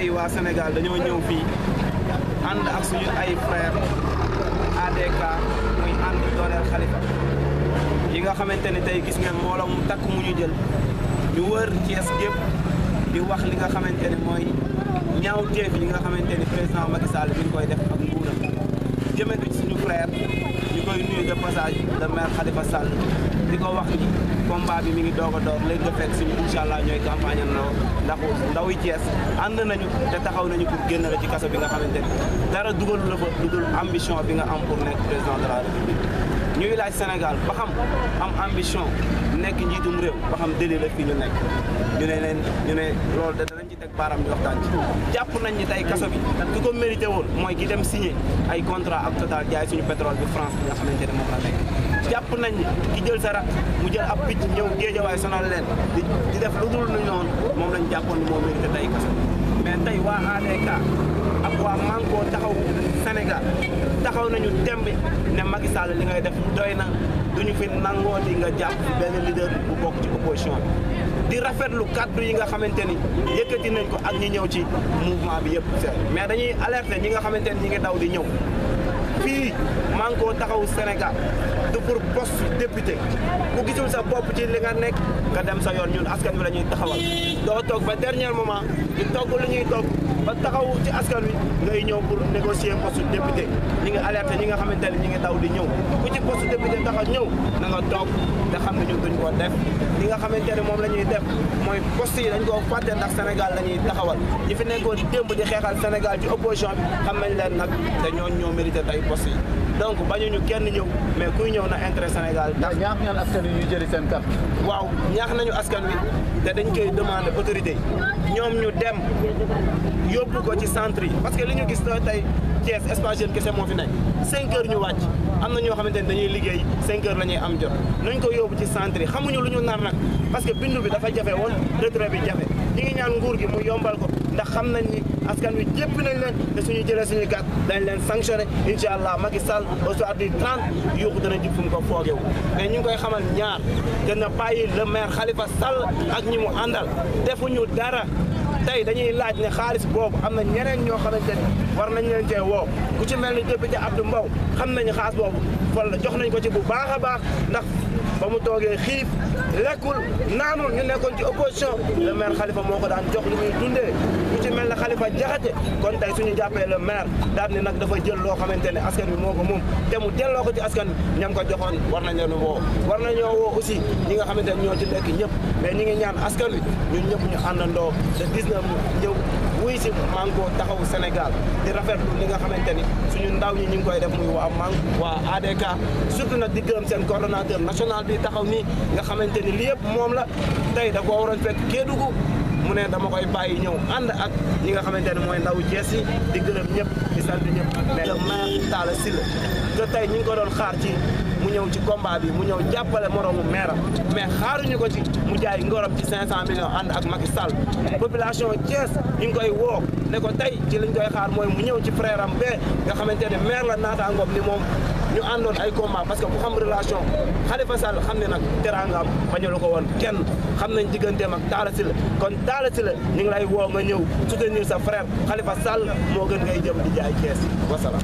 tey waa Sénégal dañoo ñëw fii ànd ak suñu ay frère ADK muy ànd dooleel Khalifa yi nga xamante ni tey gis ngeen mbooloo mu takk mu ñu jël ñu wër Thiès gépp di wax li nga xamante ne mooy ñaaw teef yi nga xamante ni président Macky Sall bi ñu koy def ak nguuram jëmee ko ci suñu frère ñu koy nuyu de passage le maire Khalifa di ko wax ni combat bi mi ngi doog a door léegi nga fekk si incha allah ñooy campagne ndaw ndax ndaw yi cees ànd nañu te taxaw nañu pour génn la ci kaso bi nga xamante ne dara dugal la fa dugal ambition bi nga am pour nekk président de la ñuy laaj Sénégal ba xam am ambition nekk njiitum réew ba xam deli la i ñu nekk ñu ne leen ñu ne loolu da danañ ci teg baaram ñu waxtaan ci jàpp nañ ni tey kaso bi ki ko mérité woon mooy ki dem signé ay contrat ak Total jaay suñu pétrole bi France bi ci xamante ne moom la nañ ki jël sa rak mu jël ab picc ñëw géejawaay sonal leen di def lu dul nu ñoon moom lañ jàppoon ni moo mérité tey kaso tey waa ADK ak waa Manko taxaw Sénégal taxaw nañu temb ne Macky Sall li ngay def doy na duñu fi nangooti nga jàpp ci benn leader bu bokk ci opposition bi di rafetlu kàddu yi nga xamante ni yëkkati nañ ko ak ñi ñëw ci mouvement bi yëpp. mais dañuy alerter ñi nga xamante ni ñi ngi daw di ñëw. fii maa ko koo senegal Sénégal du pour poste député bu gisul sa bopp ci li nga nekk nga dem sa yoon ñun askan wi la ñuy taxawal doo toog ba dernier moment ñu togg lu ñuy togg ba taxaw ci askan wi ngay ñëw pour négocier poste député ñi ngi alerté ñi nga xamante ne ñi ngi daw di ñëw ku ci poste député taxaw ñëw na nga toog te xam ne ñu duñ ko def li nga xamante ne moom la ñuy def mooy poste yi dañ koo fàtte ndax Sénégal la ñuy taxawal ñi fi nekkoon démb di xeexal Sénégal ci opposition bi xam nañ leen nag te ñooñu ñoo mérité tey poste yi donc bañuñu kenn ñëw mais kuy ñëw na intérêt Sénégal ndax ñaax ngeen askan wi ñu jëli seen carte waaw ñaax nañu askan wi te dañ koy demander autorité yi ñoom ñu dem yóbbu ko ci centre yi parce que li ñu gis tey tey Thiès espace jeune kese moo fi nekk cinq ñu wàcc am na ñoo xamante ne dañuy liggéey cinq heures la ñuy am jot nañ ko yóbbu ci centre yi xamuñu lu ñu nar nag parce que bindu bi dafa jafe woon retrait bi jafe ñi ngi ñaan nguur gi mu yombal ko ndax xam nañ ni askan wi jépp nañ leen te suñu jëlee suñu gàtt dañ leen sanctionné incha allah Macky Sall au soir du 30 yuuxu dana jub fu mu ko foogewu mais ñu ngi koy xamal ñaar dana bàyyi le maire Khalifa Sall ak ñi mu àndal defuñu dara tay dañuy laaj ne xaalis boobu am na ñeneen ñoo xamante ne war nañ leen cee woo ku ci mel ni député Abdou mbaw xam nañu xaalis boobu fan la jox nañ ko ci bu baax a baax ndax ba mu toogee xiif lekkul naanul ñu nekkoon ci opposition le maire Khalifa moo ko daan jox lu muy dundee Khalifa Diakhaté kon tey suñu jàppee le maire daal ni nag dafa jël loo xamante ne askan bi moo ko moom te mu delloo ko ci askan bi ñam ko joxoon war nañ leen woo war nañoo woo aussi ñi nga xamante ne ñoo ci nekk ñëpp mais ñi ngi ñaan askan wi ñun ñëpp ñu àndandoo te gis na mu ñëw wuy si Manko taxawu Sénégal di rafetlu li nga xamante suñu ndaw ñi ñu ngi koy def muy waa Manko waa ADK surtout nag di gërëm seen coordonnateur national bi taxaw nii nga xamante ni li yëpp moom la tey da koo waroon fekk Kédougou mu ne dama koy bàyyi ñëw ànd ak ñi nga xamante ne mooy ndaw jees yi di gërëm ñëpp di sant ñëpp mais le maire Talla Sylla tey ñu ngi ko doon xaar ci mu ñëw ci combat bi mu ñëw jàppale moroomu meeram mais xaaruñu ko ci mu jaay ngorom ci 500 millions ànd ak Macky Sall population Thiès ñu ngi koy woo ne ko tey ci liñ koy xaar mooy mu ñëw ci frère bee nga xamante ne maire la naataangoom ni moom ñu àndoon ay combat parce que ku xam relation Khalifa Sall xam ne nag teraangaam bañu lu ko woon kenn xam nañ digganteem ak Talla la kon Talla la ñu ngi lay woo nga ñëw soutenir sa frère Khalifa Sall moo gën ngay jëm di jaay kees wasalaam